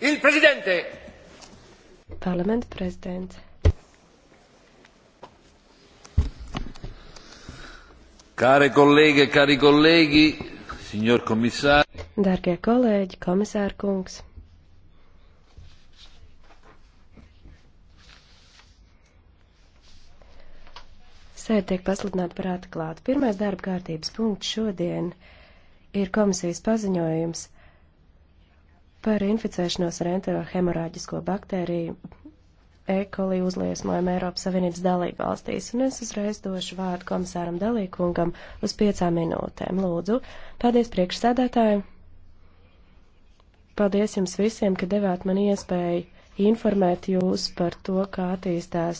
Il Presidente! Parlamenta prezidents. Kāre kolēģi, kāri e kolēģi, signor komisāri. Dargie kolēģi, komisāra kungs. Sēde tiek pasludināta par atklātu. Pirmais darba kārtības punkts šodien ir komisijas paziņojums par inficēšanos ar enterohemorāģisko baktēriju e-koli uzliesmojumu Eiropas Savienības dalību valstīs, un es uzreiz došu vārdu komisāram Dalīkungam uz piecām minūtēm. Lūdzu, paldies priekšsēdētāji! Paldies jums visiem, ka devāt man iespēju informēt jūs par to, kā attīstās